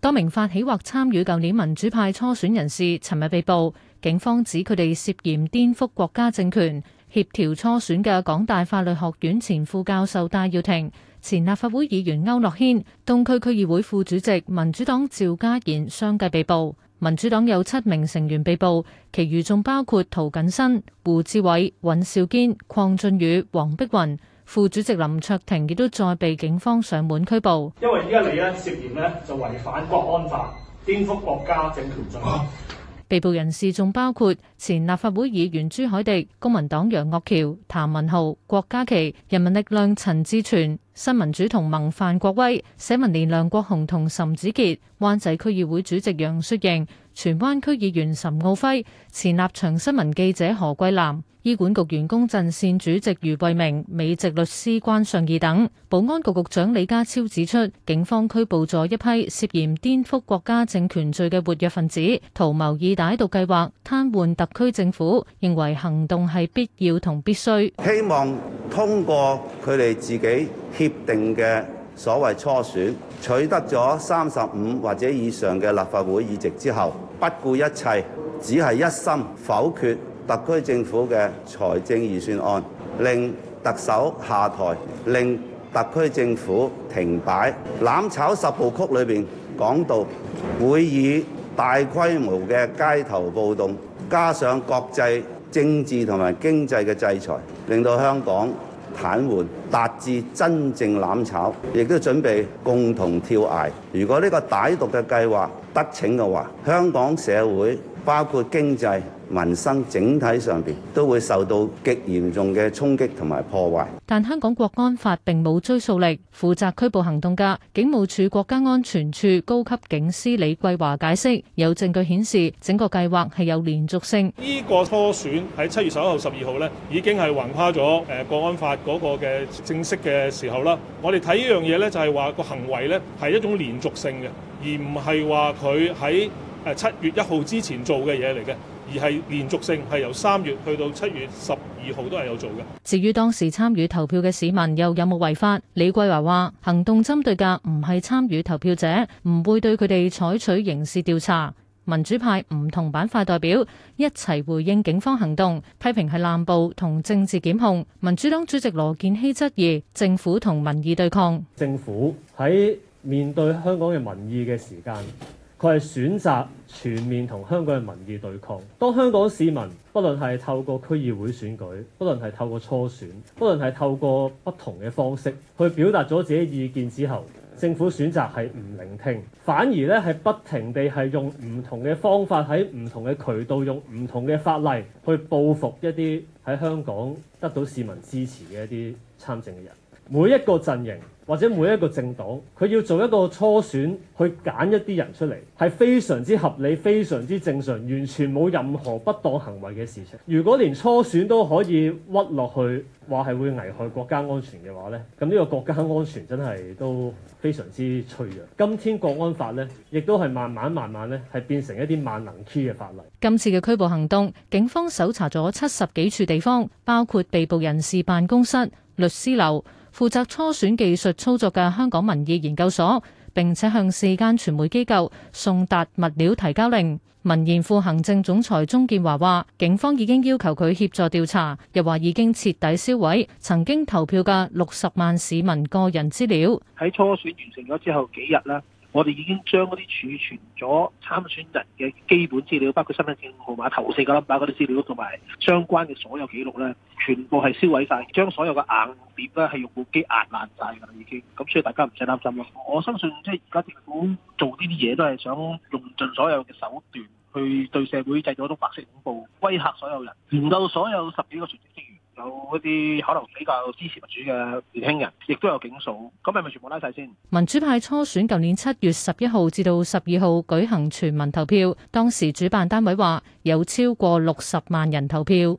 多名發起或參與舊年民主派初選人士，尋日被捕。警方指佢哋涉嫌顛覆國家政權。協調初選嘅港大法律學院前副教授戴耀廷、前立法會議員區諾軒、東區區議會副主席民主黨趙家賢，相繼被捕。民主黨有七名成員被捕，其餘仲包括涂謹申、胡志偉、尹兆堅、鄺俊宇、黃碧雲。副主席林卓廷亦都再被警方上門拘捕，因為而家你咧涉嫌咧就違反國安法，顛覆國家政權罪。啊、被捕人士仲包括前立法會議員朱凱廸、公民黨楊岳橋、譚文豪、郭家麒、人民力量陳志全、新民主同盟范國威、社民連梁國雄同岑子杰、灣仔區議會主席楊雪盈。荃灣區議員岑奧輝、前立場新聞記者何桂南、醫管局員工陣線主席余慧明、美籍律師關尚義等，保安局局長李家超指出，警方拘捕咗一批涉嫌顛覆國家政權罪嘅活躍分子，圖謀以歹毒計劃癱瘓特區政府，認為行動係必要同必須。希望通過佢哋自己協定嘅所謂初選，取得咗三十五或者以上嘅立法會議席之後。不顧一切，只係一心否決特區政府嘅財政預算案，令特首下台，令特區政府停擺。攬炒十部曲裏邊講到，會以大規模嘅街頭暴動，加上國際政治同埋經濟嘅制裁，令到香港。癱瘓，達至真正攬炒，亦都準備共同跳崖。如果呢個歹毒嘅計劃得逞嘅話，香港社會包括經濟民生整體上邊都會受到極嚴重嘅衝擊同埋破壞。但香港國安法並冇追溯力。負責拘捕行動嘅警務處國家安全處高級警司李桂華解釋：有證據顯示整個計劃係有連續性。呢個初選喺七月十一號、十二號呢已經係橫跨咗誒國安法嗰個嘅正式嘅時候啦。我哋睇呢樣嘢呢，就係話個行為呢係一種連續性嘅，而唔係話佢喺。誒七月一號之前做嘅嘢嚟嘅，而係連續性係由三月去到七月十二號都係有做嘅。至於當時參與投票嘅市民又有冇違法？李桂華話行動針對㗎唔係參與投票者，唔會對佢哋採取刑事調查。民主派唔同板塊代表一齊回應警方行動，批評係濫捕同政治檢控。民主黨主席羅健熙質疑政府同民意對抗。政府喺面對香港嘅民意嘅時間。佢係選擇全面同香港嘅民意對抗。當香港市民，不論係透過區議會選舉，不論係透過初選，不論係透過不同嘅方式去表達咗自己意見之後，政府選擇係唔聆聽，反而咧係不停地係用唔同嘅方法喺唔同嘅渠道用唔同嘅法例去報復一啲喺香港得到市民支持嘅一啲參政嘅人。每一個陣營或者每一個政黨，佢要做一個初選去揀一啲人出嚟，係非常之合理、非常之正常，完全冇任何不當行為嘅事情。如果連初選都可以屈落去話係會危害國家安全嘅話咧，咁呢個國家安全真係都非常之脆弱。今天國安法呢，亦都係慢慢慢慢咧係變成一啲萬能 key 嘅法例。今次嘅拘捕行動，警方搜查咗七十幾處地方，包括被捕人士辦公室、律師樓。負責初選技術操作嘅香港民意研究所，並且向四間傳媒機構送達物料提交令。民研副行政總裁鍾劍華話：警方已經要求佢協助調查，又話已經徹底銷毀曾經投票嘅六十萬市民個人資料。喺初選完成咗之後幾日啦。我哋已經將嗰啲儲存咗參選人嘅基本資料，包括身份證號碼頭四個冧巴嗰啲資料，同埋相關嘅所有記錄咧，全部係銷毀晒。將所有嘅硬碟咧係用部機壓爛晒㗎啦，已經。咁所以大家唔使擔心咯。我相信即係而家政府做呢啲嘢都係想用盡所有嘅手段，去對社會製造一種白色恐怖，威嚇所有人，研究所有十幾個全職。有一啲可能比較支持民主嘅年輕人，亦都有警數，咁係咪全部拉晒先？民主派初選舊年七月十一號至到十二號舉行全民投票，當時主辦單位話有超過六十萬人投票。